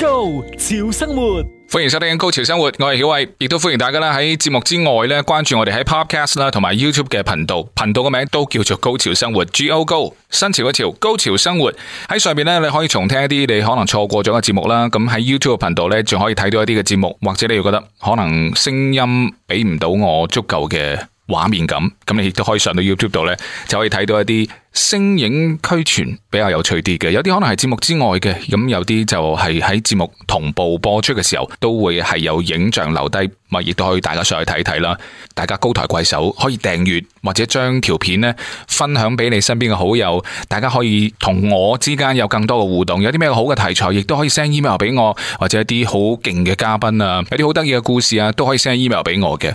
高潮生活，歡迎收聽《高潮生活》，我係曉偉，亦都歡迎大家咧喺節目之外咧關注我哋喺 Podcast 啦同埋 YouTube 嘅頻道，頻道嘅名都叫做高潮生活，G-O-Go，新潮嗰潮，《高潮生活》。Go g 新潮嗰潮，高潮生活。喺上邊咧，你可以重聽一啲你可能錯過咗嘅節目啦。咁喺 YouTube 頻道咧，仲可以睇到一啲嘅節目，或者你又覺得可能聲音俾唔到我足夠嘅。畫面咁，咁你亦都可以上到 YouTube 度呢就可以睇到一啲聲影俱全，比較有趣啲嘅。有啲可能係節目之外嘅，咁有啲就係喺節目同步播出嘅時候，都會係有影像留低，咪亦都可以大家上去睇睇啦。大家高抬貴手，可以訂閱或者將條片呢分享俾你身邊嘅好友，大家可以同我之間有更多嘅互動。有啲咩好嘅題材，亦都可以 send email 俾我，或者一啲好勁嘅嘉賓啊，有啲好得意嘅故事啊，都可以 send email 俾我嘅。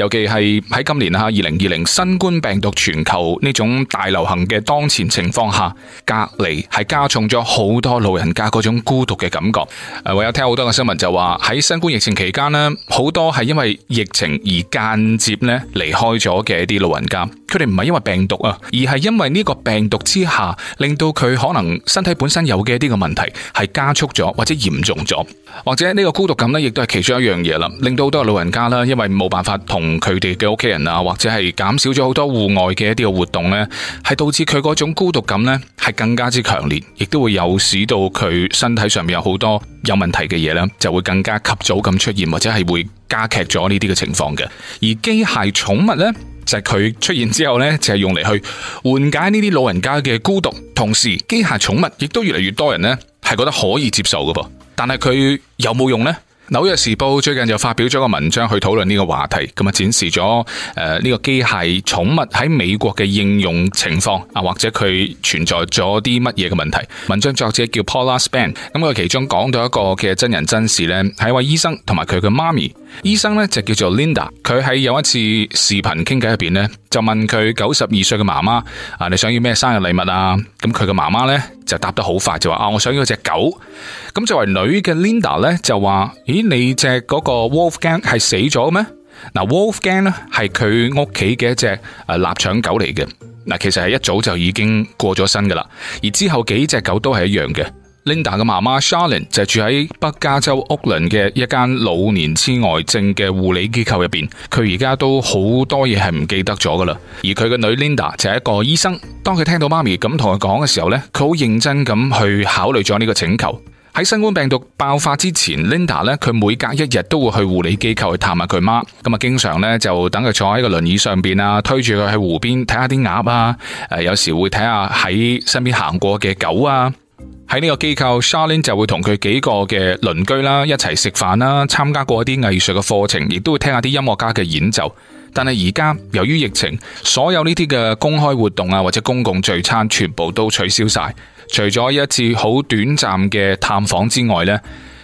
尤其係喺今年啊，二零二零新冠病毒全球呢種大流行嘅當前情況下，隔離係加重咗好多老人家嗰種孤獨嘅感覺。誒、啊，我有聽好多嘅新聞就話喺新冠疫情期間呢，好多係因為疫情而間接咧離開咗嘅一啲老人家，佢哋唔係因為病毒啊，而係因為呢個病毒之下，令到佢可能身體本身有嘅一啲嘅問題係加速咗或者嚴重咗，或者呢個孤獨感呢，亦都係其中一樣嘢啦，令到好多老人家啦，因為冇辦法同。佢哋嘅屋企人啊，或者係減少咗好多戶外嘅一啲嘅活動咧，係導致佢嗰種孤獨感咧，係更加之強烈，亦都會有使到佢身體上面有好多有問題嘅嘢咧，就會更加及早咁出現，或者係會加劇咗呢啲嘅情況嘅。而機械寵物咧，就係佢出現之後咧，就係用嚟去緩解呢啲老人家嘅孤獨，同時機械寵物亦都越嚟越多人咧係覺得可以接受嘅噃，但係佢有冇用咧？紐約時報最近就發表咗個文章去討論呢個話題，咁啊展示咗誒呢個機械寵物喺美國嘅應用情況，啊或者佢存在咗啲乜嘢嘅問題？文章作者叫 Paula Span，咁佢其中講到一個嘅真人真事呢，係一位醫生同埋佢嘅媽咪。醫生咧就叫做 Linda，佢喺有一次視頻傾偈入邊咧，就問佢九十二歲嘅媽媽啊，你想要咩生日禮物啊？咁佢嘅媽媽咧就答得好快，就話啊，我想要隻狗。咁作為女嘅 Linda 咧就話，咦，你只嗰個 Wolfgang 係死咗咩？嗱，Wolfgang 咧係佢屋企嘅一隻誒臘腸狗嚟嘅。嗱，其實係一早就已經過咗身噶啦，而之後幾隻狗都係一樣嘅。Linda 嘅媽媽 Charlene 就住喺北加州屋崙嘅一間老年痴呆症嘅護理機構入邊，佢而家都好多嘢係唔記得咗噶啦。而佢嘅女 Linda 就係一個醫生。當佢聽到媽咪咁同佢講嘅時候呢，佢好認真咁去考慮咗呢個請求。喺新冠病毒爆發之前，Linda 呢，佢每隔一日都會去護理機構去探下佢媽。咁啊，經常呢，就等佢坐喺個輪椅上邊啊，推住佢喺湖邊睇下啲鴨啊，誒，有時會睇下喺身邊行過嘅狗啊。喺呢個機構，Charlene 就會同佢幾個嘅鄰居啦一齊食飯啦，參加過一啲藝術嘅課程，亦都會聽下啲音樂家嘅演奏。但係而家由於疫情，所有呢啲嘅公開活動啊或者公共聚餐全部都取消晒，除咗一次好短暫嘅探訪之外呢。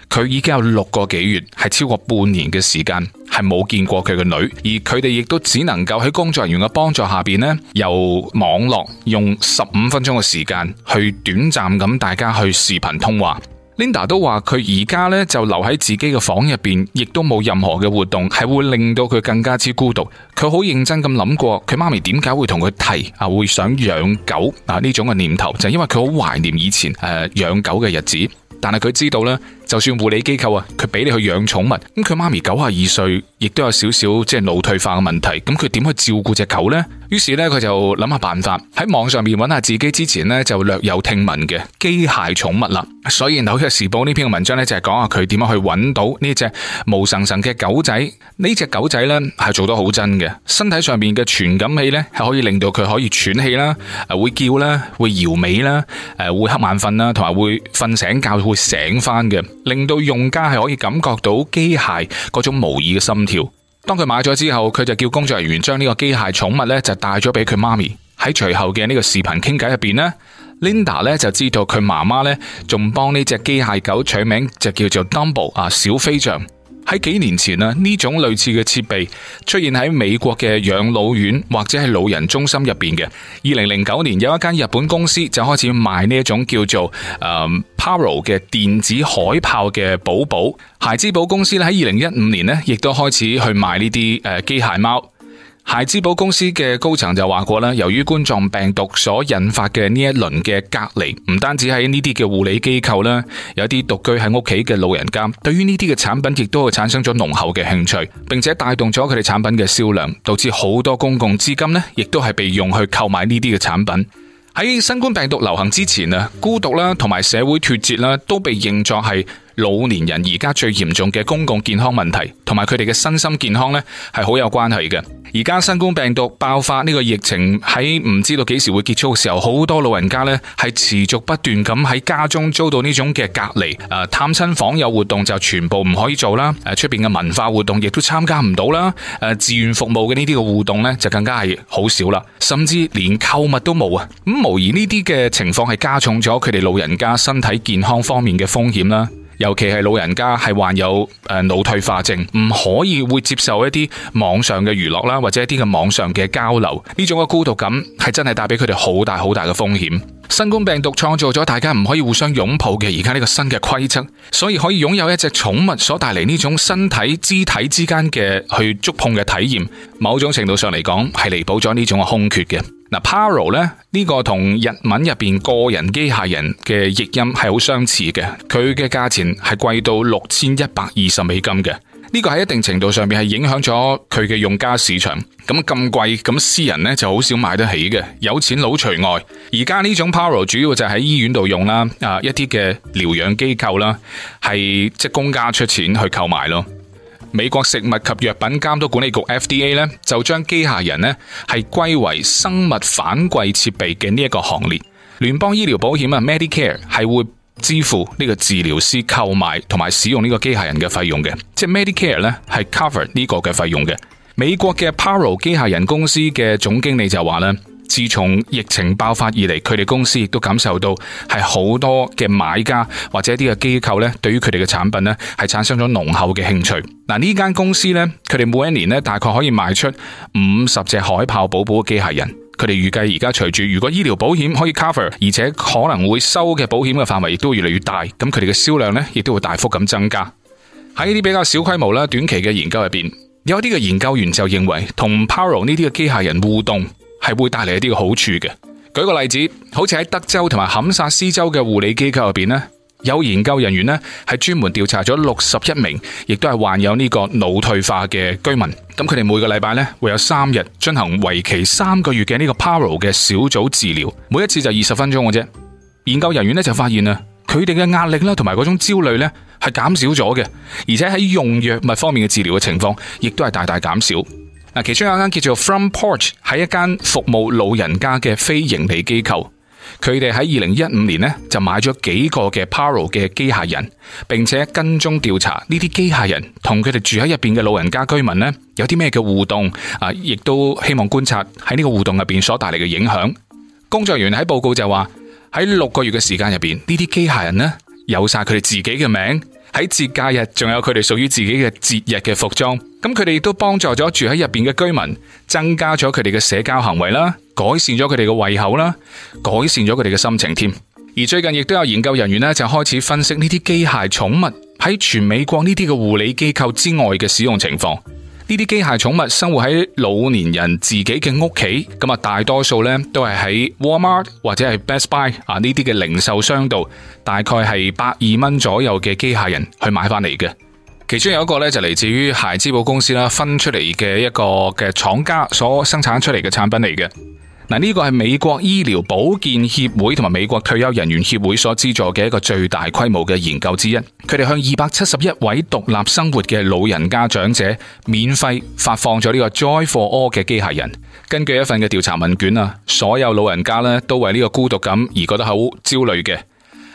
佢已經有六個幾月，係超過半年嘅時間，係冇見過佢嘅女，而佢哋亦都只能夠喺工作人員嘅幫助下邊咧，由網絡用十五分鐘嘅時間去短暫咁，大家去視頻通話。Linda 都話佢而家呢就留喺自己嘅房入邊，亦都冇任何嘅活動，係會令到佢更加之孤獨。佢好認真咁諗過，佢媽咪點解會同佢提啊，會想養狗啊呢種嘅念頭，就係因為佢好懷念以前誒、呃、養狗嘅日子，但係佢知道呢。就算護理機構啊，佢俾你去養寵物，咁佢媽咪九十二歲，亦都有少少即係腦退化嘅問題，咁佢點去照顧隻狗呢？於是呢，佢就諗下辦法喺網上面揾下自己之前呢，就略有聽聞嘅機械寵物啦。所以《紐約時報》呢篇嘅文章呢，就係講下佢點樣去揾到呢隻毛神神嘅狗仔。呢隻狗仔呢，係做得好真嘅，身體上面嘅傳感器呢，係可以令到佢可以喘氣啦，誒會叫啦，會搖尾啦，誒會瞌眼瞓啦，同埋會瞓醒覺會醒翻嘅。令到用家係可以感覺到機械嗰種模擬嘅心跳。當佢買咗之後，佢就叫工作人員將呢個機械寵物咧就帶咗俾佢媽咪。喺隨後嘅呢個視頻傾偈入邊呢 Linda 咧就知道佢媽媽咧仲幫呢隻機械狗取名就叫做 Dumbo 啊，小飛象。喺幾年前啊，呢種類似嘅設備出現喺美國嘅養老院或者係老人中心入邊嘅。二零零九年有一間日本公司就開始賣呢一種叫做誒 Paro 嘅電子海豹嘅寶寶。孩之寶公司喺二零一五年呢，亦都開始去賣呢啲誒機械貓。孩之寶公司嘅高層就話過啦，由於冠狀病毒所引發嘅呢一輪嘅隔離，唔單止喺呢啲嘅護理機構啦，有啲獨居喺屋企嘅老人家，對於呢啲嘅產品亦都係產生咗濃厚嘅興趣，並且帶動咗佢哋產品嘅銷量，導致好多公共資金呢亦都係被用去購買呢啲嘅產品。喺新冠病毒流行之前啊，孤獨啦，同埋社會脫節啦，都被認作係。老年人而家最嚴重嘅公共健康問題，同埋佢哋嘅身心健康呢係好有關係嘅。而家新冠病毒爆發呢個疫情喺唔知道幾時會結束嘅時候，好多老人家呢係持續不斷咁喺家中遭到呢種嘅隔離。誒、啊，探親訪友活動就全部唔可以做啦。誒、啊，出邊嘅文化活動亦都參加唔到啦。誒、啊，自願服務嘅呢啲嘅活動呢，就更加係好少啦。甚至連購物都冇啊。咁無疑呢啲嘅情況係加重咗佢哋老人家身體健康方面嘅風險啦。尤其係老人家係患有誒腦退化症，唔可以會接受一啲網上嘅娛樂啦，或者一啲嘅網上嘅交流。呢種嘅孤獨感，係真係帶俾佢哋好大好大嘅風險。新冠病毒創造咗大家唔可以互相擁抱嘅而家呢個新嘅規則，所以可以擁有一隻寵物所帶嚟呢種身體肢體之間嘅去觸碰嘅體驗，某種程度上嚟講，係彌補咗呢種嘅空缺嘅。嗱，Paro 咧呢個同日文入邊個人機械人嘅譯音係好相似嘅，佢嘅價錢係貴到六千一百二十美金嘅，呢個喺一定程度上面係影響咗佢嘅用家市場。咁咁貴，咁私人呢就好少買得起嘅，有錢佬除外。而家呢種 Paro 主要就喺醫院度用啦，啊一啲嘅療養機構啦，係即公家出錢去購買咯。美國食物及藥品監督管理局 FDA 咧，就將機械人咧係歸為生物反饋設備嘅呢一個行列。聯邦醫療保險啊 Medicare 係會支付呢個治療師購買同埋使用呢個機械人嘅費用嘅，即係 Medicare 咧係 cover 呢個嘅費用嘅。美國嘅 Paro 機械人公司嘅總經理就話咧。自從疫情爆發以嚟，佢哋公司亦都感受到係好多嘅買家或者一啲嘅機構咧，對於佢哋嘅產品咧係產生咗濃厚嘅興趣。嗱，呢間公司咧，佢哋每一年咧大概可以賣出五十隻海豹寶寶嘅機械人。佢哋預計而家隨住如果醫療保險可以 cover，而且可能會收嘅保險嘅範圍亦都會越嚟越大，咁佢哋嘅銷量咧亦都會大幅咁增加。喺呢啲比較小規模啦、短期嘅研究入邊，有啲嘅研究員就認為同 Paro 呢啲嘅機械人互動。係會帶嚟一啲嘅好處嘅。舉個例子，好似喺德州同埋坎薩斯州嘅護理機構入邊咧，有研究人員咧係專門調查咗六十一名，亦都係患有呢個腦退化嘅居民。咁佢哋每個禮拜咧會有三日進行為期三個月嘅呢個 Paro 嘅小組治療，每一次就二十分鐘嘅啫。研究人員咧就發現啦，佢哋嘅壓力啦同埋嗰種焦慮咧係減少咗嘅，而且喺用藥物方面嘅治療嘅情況，亦都係大大減少。嗱，其中有一間叫做 From Porch，係一間服務老人家嘅非營利機構。佢哋喺二零一五年咧就買咗幾個嘅 Paro 嘅機械人，並且跟蹤調查呢啲機械人同佢哋住喺入邊嘅老人家居民咧有啲咩嘅互動啊，亦都希望觀察喺呢個互動入邊所帶嚟嘅影響。工作人員喺報告就話，喺六個月嘅時間入邊，呢啲機械人咧有晒佢哋自己嘅名，喺節假日仲有佢哋屬於自己嘅節日嘅服裝。咁佢哋都幫助咗住喺入邊嘅居民，增加咗佢哋嘅社交行為啦，改善咗佢哋嘅胃口啦，改善咗佢哋嘅心情添。而最近亦都有研究人員呢，就開始分析呢啲機械寵物喺全美國呢啲嘅護理機構之外嘅使用情況。呢啲機械寵物生活喺老年人自己嘅屋企，咁啊大多數呢都係喺 Walmart 或者係 Best Buy 啊呢啲嘅零售商度，大概係百二蚊左右嘅機械人去買翻嚟嘅。其中有一個咧，就嚟自於孩之寶公司啦，分出嚟嘅一個嘅廠家所生產出嚟嘅產品嚟嘅。嗱，呢個係美國醫療保健協會同埋美國退休人員協會所資助嘅一個最大規模嘅研究之一。佢哋向二百七十一位獨立生活嘅老人家長者免費發放咗呢個 Joy for All 嘅機械人。根據一份嘅調查問卷啊，所有老人家呢，都為呢個孤獨感而覺得好焦慮嘅。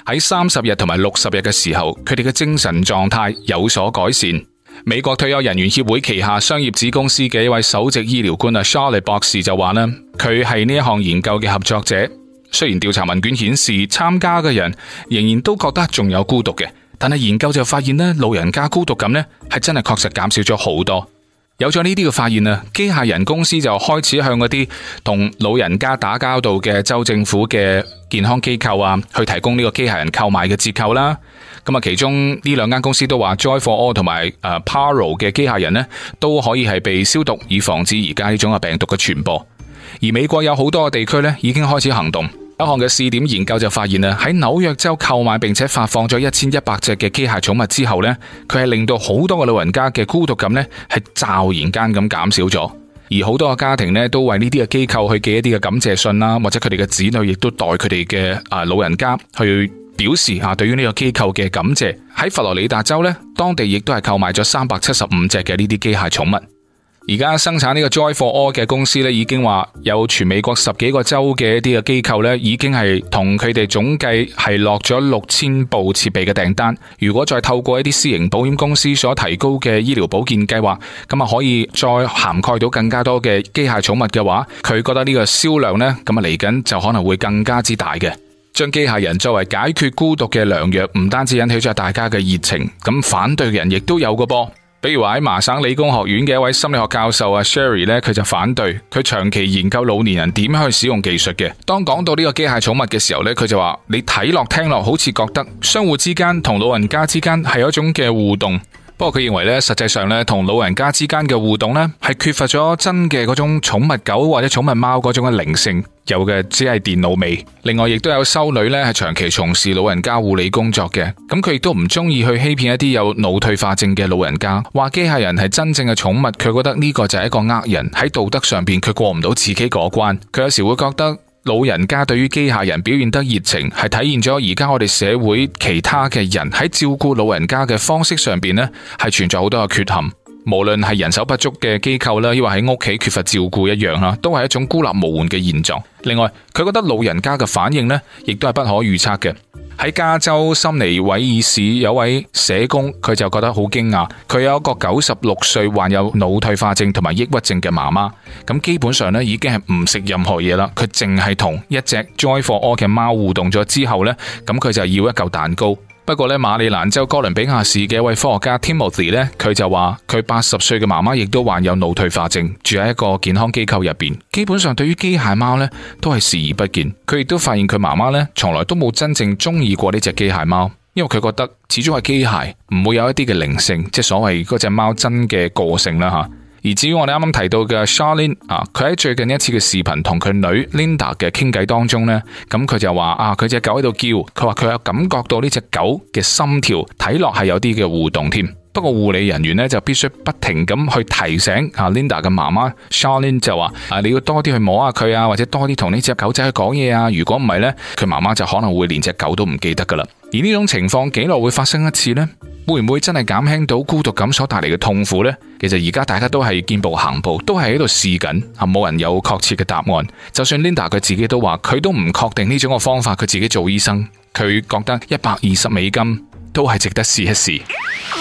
喺三十日同埋六十日嘅時候，佢哋嘅精神狀態有所改善。美國退休人員協會旗下商業子公司嘅一位首席醫療官啊，Shari 博士就話啦，佢係呢一項研究嘅合作者。雖然調查問卷顯示參加嘅人仍然都覺得仲有孤獨嘅，但係研究就發現呢，老人家孤獨感呢係真係確實減少咗好多。有咗呢啲嘅發現啊，機械人公司就開始向嗰啲同老人家打交道嘅州政府嘅健康機構啊，去提供呢個機械人購買嘅折扣啦。咁啊，其中呢兩間公司都話，Joy for All 同埋誒 Paro 嘅機械人呢，都可以係被消毒，以防止而家呢種啊病毒嘅傳播。而美國有好多嘅地區呢，已經開始行動。有一項嘅試點研究就發現啦，喺紐約州購買並且發放咗一千一百隻嘅機械寵物之後呢，佢係令到好多個老人家嘅孤獨感呢係驟然間咁減少咗，而好多個家庭呢，都為呢啲嘅機構去寄一啲嘅感謝信啦，或者佢哋嘅子女亦都代佢哋嘅啊老人家去表示啊，對於呢個機構嘅感謝。喺佛羅里達州呢，當地亦都係購買咗三百七十五隻嘅呢啲機械寵物。而家生產呢個 Joy for All 嘅公司咧，已經話有全美國十幾個州嘅一啲嘅機構咧，已經係同佢哋總計係落咗六千部設備嘅訂單。如果再透過一啲私營保險公司所提高嘅醫療保健計劃，咁啊可以再涵蓋到更加多嘅機械寵物嘅話，佢覺得呢個銷量咧，咁啊嚟緊就可能會更加之大嘅。將機械人作為解決孤獨嘅良藥，唔單止引起咗大家嘅熱情，咁反對嘅人亦都有個噃。比如話喺麻省理工學院嘅一位心理學教授啊，Sherry 咧，佢就反對，佢長期研究老年人點樣去使用技術嘅。當講到呢個機械寵物嘅時候咧，佢就話：你睇落聽落，好似覺得相互之間同老人家之間係有一種嘅互動。不過佢認為呢，實際上呢，同老人家之間嘅互動呢，係缺乏咗真嘅嗰種寵物狗或者寵物貓嗰種嘅靈性，有嘅只係電腦味。另外，亦都有修女呢，係長期從事老人家護理工作嘅，咁佢亦都唔中意去欺騙一啲有腦退化症嘅老人家，話機械人係真正嘅寵物，佢覺得呢個就係一個呃人，喺道德上邊佢過唔到自己嗰關，佢有時會覺得。老人家對於機械人表現得熱情，係體現咗而家我哋社會其他嘅人喺照顧老人家嘅方式上面呢，係存在好多嘅缺陷。無論係人手不足嘅機構啦，抑或喺屋企缺乏照顧一樣吓，都係一種孤立無援嘅現狀。另外，佢覺得老人家嘅反應呢，亦都係不可預測嘅。喺加州森尼韋爾市有位社工，佢就覺得好驚訝。佢有一個九十六歲患有腦退化症同埋抑鬱症嘅媽媽，咁基本上呢，已經係唔食任何嘢啦。佢淨係同一隻 Joy for All 嘅貓互動咗之後呢，咁佢就要一嚿蛋糕。不過咧，馬里蘭州哥倫比亞市嘅一位科學家 Timothy 咧，佢就話佢八十歲嘅媽媽亦都患有腦退化症，住喺一個健康機構入邊。基本上對於機械貓咧，都係視而不見。佢亦都發現佢媽媽咧，從來都冇真正中意過呢隻機械貓，因為佢覺得始終係機械，唔會有一啲嘅靈性，即係所謂嗰隻貓真嘅個性啦吓。而至於我哋啱啱提到嘅 Charlene 啊，佢喺最近一次嘅視頻同佢女 Linda 嘅傾偈當中呢，咁佢就話啊，佢隻狗喺度叫，佢話佢有感覺到呢隻狗嘅心跳，睇落係有啲嘅互動添。不過護理人員呢，就必須不停咁去提醒 Linda 嘅媽媽 Charlene 就話啊，你要多啲去摸下佢啊，或者多啲同呢隻狗仔去講嘢啊。如果唔係呢，佢媽媽就可能會連隻狗都唔記得噶啦。而呢種情況幾耐會發生一次呢？會唔會真係減輕到孤獨感所帶嚟嘅痛苦呢？其實而家大家都係見步行步，都係喺度試緊，係冇人有確切嘅答案。就算 Linda 佢自己都話，佢都唔確定呢種嘅方法。佢自己做醫生，佢覺得一百二十美金都係值得試一試。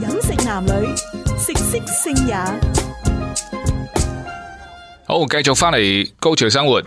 飲食男女，食色性也。好，繼續翻嚟高潮生活。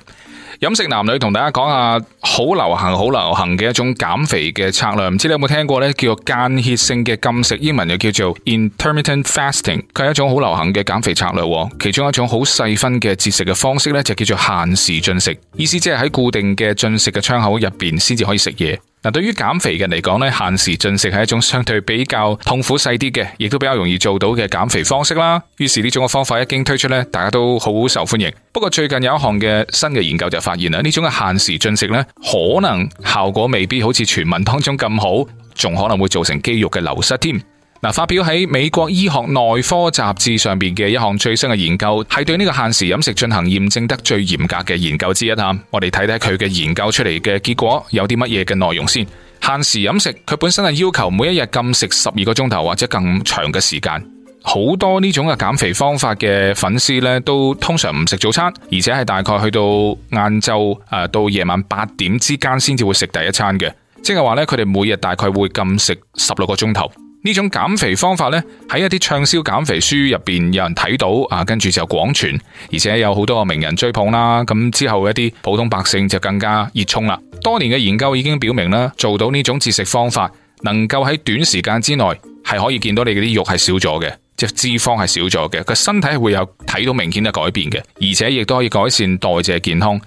飲食男女同大家講下，好流行、好流行嘅一種減肥嘅策略。唔知你有冇聽過呢？叫做間歇性嘅禁食，英文又叫做 intermittent fasting。佢係一種好流行嘅減肥策略。其中一種好細分嘅節食嘅方式呢，就叫做限時進食。意思即係喺固定嘅進食嘅窗口入邊，先至可以食嘢。嗱，對於減肥人嚟講咧，限時進食係一種相對比較痛苦細啲嘅，亦都比較容易做到嘅減肥方式啦。於是呢種方法一經推出咧，大家都好受歡迎。不過最近有一項嘅新嘅研究就發現啦，呢種限時進食咧，可能效果未必好似傳聞當中咁好，仲可能會造成肌肉嘅流失添。嗱，發表喺美國醫學內科雜誌上邊嘅一項最新嘅研究，係對呢個限時飲食進行驗證得最嚴格嘅研究之一啊。我哋睇睇佢嘅研究出嚟嘅結果有啲乜嘢嘅內容先。限時飲食佢本身係要求每一日禁食十二個鐘頭或者更長嘅時間。好多呢種嘅減肥方法嘅粉絲呢，都通常唔食早餐，而且係大概去到晏晝誒到夜晚八點之間先至會食第一餐嘅，即係話呢佢哋每日大概會禁食十六個鐘頭。呢種減肥方法咧，喺一啲暢銷減肥書入邊有人睇到啊，跟住就廣傳，而且有好多名人追捧啦。咁之後一啲普通百姓就更加熱衷啦。多年嘅研究已經表明啦，做到呢種節食方法，能夠喺短時間之內係可以見到你嘅啲肉係少咗嘅，即脂肪係少咗嘅，個身體係會有睇到明顯嘅改變嘅，而且亦都可以改善代謝健康。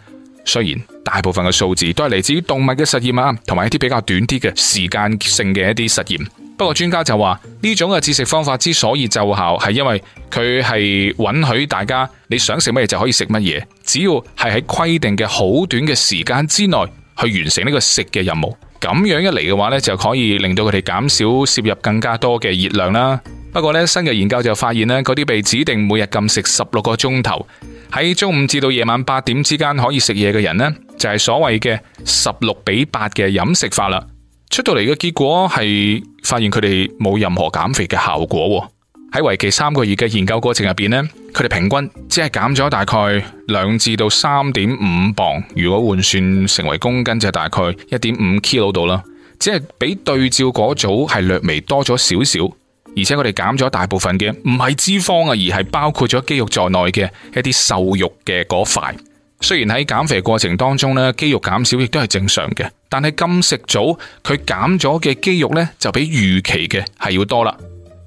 雖然大部分嘅數字都係嚟自於動物嘅實驗啊，同埋一啲比較短啲嘅時間性嘅一啲實驗。不過專家就話呢種嘅節食方法之所以奏效，係因為佢係允許大家你想食乜嘢就可以食乜嘢，只要係喺規定嘅好短嘅時間之內去完成呢個食嘅任務。咁樣一嚟嘅話呢就可以令到佢哋減少攝入更加多嘅熱量啦。不過呢，新嘅研究就發現呢嗰啲被指定每日禁食十六個鐘頭，喺中午至到夜晚八點之間可以食嘢嘅人呢就係所謂嘅十六比八嘅飲食法啦。出到嚟嘅結果係發現佢哋冇任何減肥嘅效果喎。喺為期三個月嘅研究過程入邊呢，佢哋平均只係減咗大概兩至到三點五磅，如果換算成為公斤就是，大概一點五 kilo 度啦。只係比對照嗰組係略微多咗少少，而且佢哋減咗大部分嘅唔係脂肪啊，而係包括咗肌肉在內嘅一啲瘦肉嘅嗰塊。雖然喺減肥過程當中呢，肌肉減少亦都係正常嘅，但係禁食組佢減咗嘅肌肉呢，就比預期嘅係要多啦。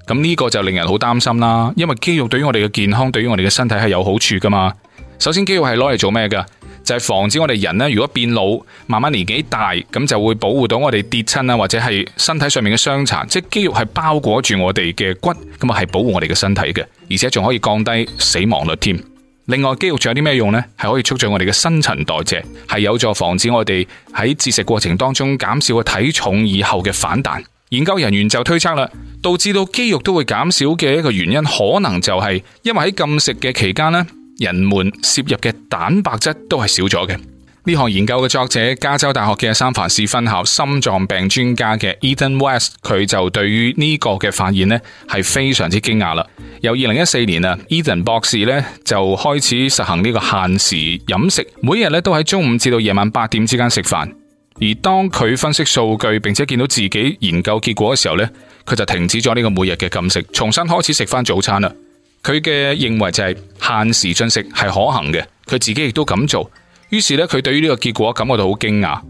咁、這、呢個就令人好擔心啦，因為肌肉對於我哋嘅健康，對於我哋嘅身體係有好處噶嘛。首先，肌肉係攞嚟做咩噶？就係、是、防止我哋人呢，如果變老，慢慢年紀大，咁就會保護到我哋跌親啦，或者係身體上面嘅傷殘。即係肌肉係包裹住我哋嘅骨，咁啊係保護我哋嘅身體嘅，而且仲可以降低死亡率添。另外，肌肉仲有啲咩用呢？係可以促進我哋嘅新陳代謝，係有助防止我哋喺節食過程當中減少個體重以後嘅反彈。研究人員就推測啦，導致到肌肉都會減少嘅一個原因，可能就係因為喺禁食嘅期間呢，人們攝入嘅蛋白質都係少咗嘅。呢項研究嘅作者，加州大學嘅三藩市分校心臟病專家嘅 Eden West，佢就對於呢個嘅發現呢係非常之驚訝啦。由二零一四年啊，Eden 博士呢就開始實行呢個限時飲食，每日咧都喺中午至到夜晚八點之間食飯。而當佢分析數據並且見到自己研究結果嘅時候呢，佢就停止咗呢個每日嘅禁食，重新開始食翻早餐啦。佢嘅認為就係限時進食係可行嘅，佢自己亦都咁做。於是咧，佢對於呢個結果感覺到好驚訝。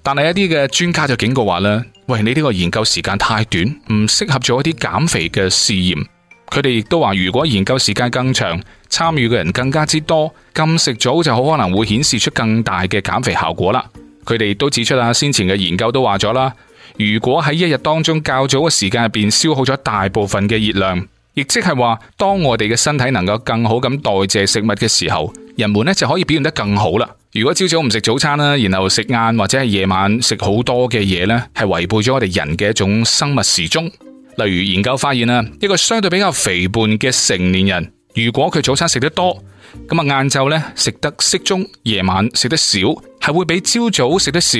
但係一啲嘅專家就警告話咧：喂，你呢個研究時間太短，唔適合做一啲減肥嘅試驗。佢哋亦都話，如果研究時間更長，參與嘅人更加之多，禁食早就好可能會顯示出更大嘅減肥效果啦。佢哋亦都指出啊，先前嘅研究都話咗啦，如果喺一日當中較早嘅時間入邊消耗咗大部分嘅熱量。亦即係話，當我哋嘅身體能夠更好咁代謝食物嘅時候，人們咧就可以表現得更好啦。如果朝早唔食早餐啦，然後食晏或者係夜晚食好多嘅嘢咧，係違背咗我哋人嘅一種生物時鐘。例如研究發現啦，一個相對比較肥胖嘅成年人，如果佢早餐食得多，咁啊，晏晝咧食得適中，夜晚食得少，係會比朝早食得少，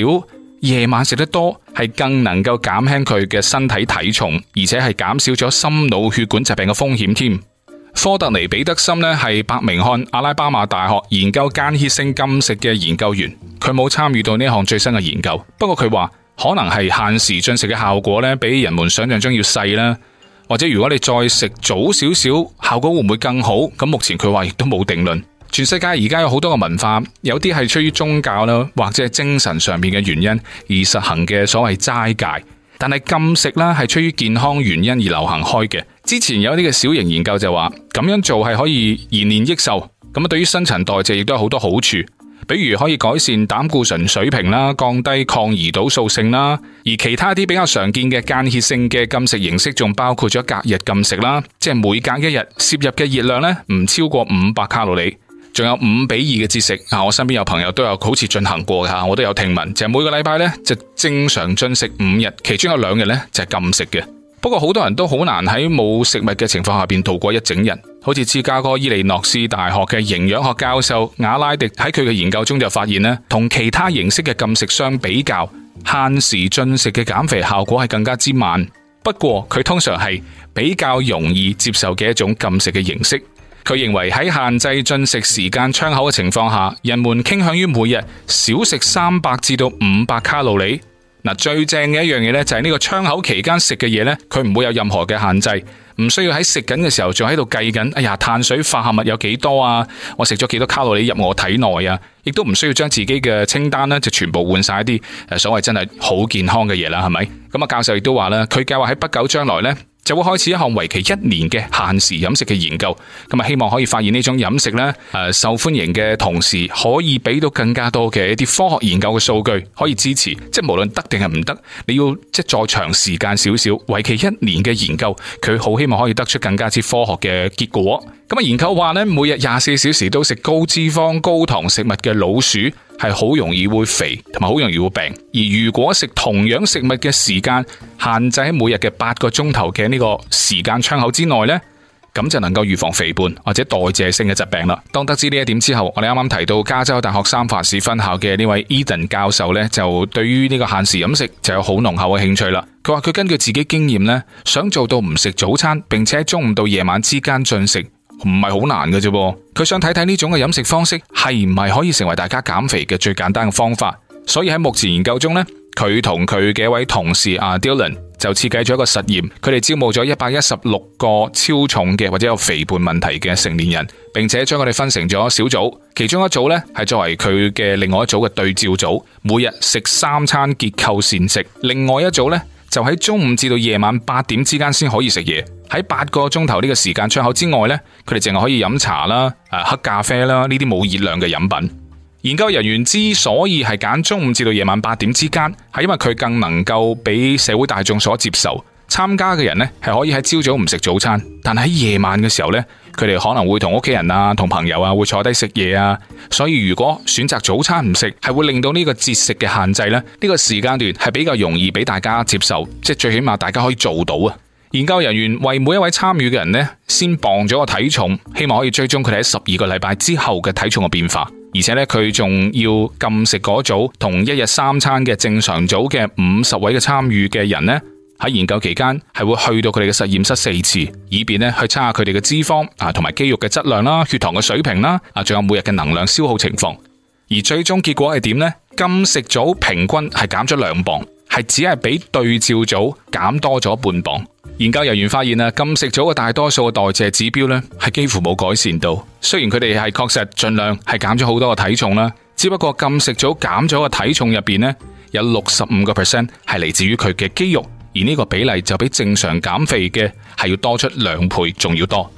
夜晚食得多係更能夠減輕佢嘅身體體重，而且係減少咗心腦血管疾病嘅風險添。科特尼比德森呢係伯明翰阿拉巴馬大學研究間歇性禁食嘅研究員，佢冇參與到呢一項最新嘅研究。不過佢話可能係限時進食嘅效果呢，比人們想象中要細啦。或者如果你再食早少少，效果會唔會更好？咁目前佢話亦都冇定論。全世界而家有好多嘅文化，有啲係出於宗教啦，或者係精神上面嘅原因而實行嘅所謂齋戒。但係禁食啦，係出於健康原因而流行開嘅。之前有啲嘅小型研究就話，咁樣做係可以延年益壽。咁啊，對於新陳代謝亦都有好多好處，比如可以改善膽固醇水平啦，降低抗胰島素性啦。而其他啲比較常見嘅間歇性嘅禁食形式，仲包括咗隔日禁食啦，即係每隔一日攝入嘅熱量咧唔超過五百卡路里。仲有五比二嘅節食啊！我身邊有朋友都有好似進行過吓，我都有聽聞，就係、每個禮拜呢，就正常進食五日，其中有兩日呢，就係、禁食嘅。不過好多人都好難喺冇食物嘅情況下邊度過一整日。好似芝加哥伊利諾斯大學嘅營養學教授瓦拉迪喺佢嘅研究中就發現呢，同其他形式嘅禁食相比較，限時進食嘅減肥效果係更加之慢。不過佢通常係比較容易接受嘅一種禁食嘅形式。佢認為喺限制進食時間窗口嘅情況下，人們傾向於每日少食三百至到五百卡路里。嗱，最正嘅一樣嘢呢，就係呢個窗口期間食嘅嘢呢，佢唔會有任何嘅限制，唔需要喺食緊嘅時候仲喺度計緊，哎呀碳水化合物有幾多啊？我食咗幾多卡路里入我體內啊？亦都唔需要將自己嘅清單呢，就全部換晒一啲所謂真係好健康嘅嘢啦，係咪？咁、嗯、啊，教授亦都話啦，佢計劃喺不久將來呢，就會開始一項為期一年嘅限時飲食嘅研究，咁啊希望可以發現呢種飲食呢，誒受歡迎嘅同時，可以俾到更加多嘅一啲科學研究嘅數據可以支持，即係無論得定係唔得，你要即係再長時間少少，為期一年嘅研究，佢好希望可以得出更加之科學嘅結果。咁研究話咧，每日廿四小時都食高脂肪、高糖食物嘅老鼠，係好容易會肥，同埋好容易會病。而如果食同樣食物嘅時間，限制喺每日嘅八個鐘頭嘅呢個時間窗口之內呢，咁就能夠預防肥胖或者代謝性嘅疾病啦。當得知呢一點之後，我哋啱啱提到加州大學三藩市分校嘅呢位 Eden 教授呢，就對於呢個限時飲食就有好濃厚嘅興趣啦。佢話佢根據自己經驗呢，想做到唔食早餐，並且中午到夜晚之間進食。唔係好難嘅啫，佢想睇睇呢種嘅飲食方式係唔係可以成為大家減肥嘅最簡單嘅方法。所以喺目前研究中呢，佢同佢嘅一位同事阿 Dylan 就設計咗一個實驗。佢哋招募咗一百一十六個超重嘅或者有肥胖問題嘅成年人，並且將佢哋分成咗小組。其中一組呢係作為佢嘅另外一組嘅對照組，每日食三餐結構膳食；另外一組呢，就喺中午至到夜晚八點之間先可以食嘢。喺八個鐘頭呢個時間窗口之外呢，佢哋淨係可以飲茶啦、誒黑咖啡啦呢啲冇熱量嘅飲品。研究人員之所以係揀中午至到夜晚八點之間，係因為佢更能夠俾社會大眾所接受。參加嘅人呢係可以喺朝早唔食早餐，但喺夜晚嘅時候呢，佢哋可能會同屋企人啊、同朋友啊會坐低食嘢啊。所以如果選擇早餐唔食，係會令到呢個節食嘅限制，咧，呢個時間段係比較容易俾大家接受，即係最起碼大家可以做到啊。研究人員為每一位參與嘅人咧，先磅咗個體重，希望可以追蹤佢哋喺十二個禮拜之後嘅體重嘅變化。而且呢，佢仲要禁食嗰組同一日三餐嘅正常組嘅五十位嘅參與嘅人呢，喺研究期間係會去到佢哋嘅實驗室四次，以便咧去測下佢哋嘅脂肪啊同埋肌肉嘅質量啦、血糖嘅水平啦啊，仲有每日嘅能量消耗情況。而最終結果係點呢？禁食組平均係減咗兩磅，係只係比對照組減多咗半磅。研究人員發現啊，禁食組嘅大多數嘅代謝指標咧係幾乎冇改善到。雖然佢哋係確實盡量係減咗好多嘅體重啦，只不過禁食組減咗嘅體重入邊咧有六十五個 percent 係嚟自於佢嘅肌肉，而呢個比例就比正常減肥嘅係要多出兩倍仲要多。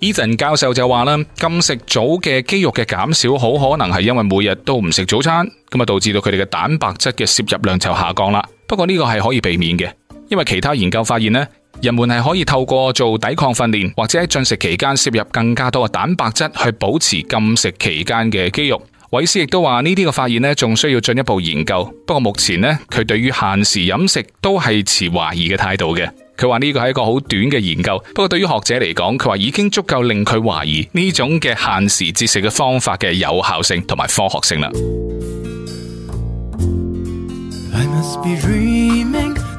Ethan 教授就話啦，禁食組嘅肌肉嘅減少好可能係因為每日都唔食早餐，咁啊導致到佢哋嘅蛋白質嘅攝入量就下降啦。不過呢個係可以避免嘅，因為其他研究發現咧，人們係可以透過做抵抗訓練，或者喺進食期間攝入更加多嘅蛋白質去保持禁食期間嘅肌肉。韋斯亦都話呢啲嘅發現咧，仲需要進一步研究。不過目前咧，佢對於限時飲食都係持懷疑嘅態度嘅。佢話呢個係一個好短嘅研究，不過對於學者嚟講，佢話已經足夠令佢懷疑呢種嘅限時節食嘅方法嘅有效性同埋科學性啦。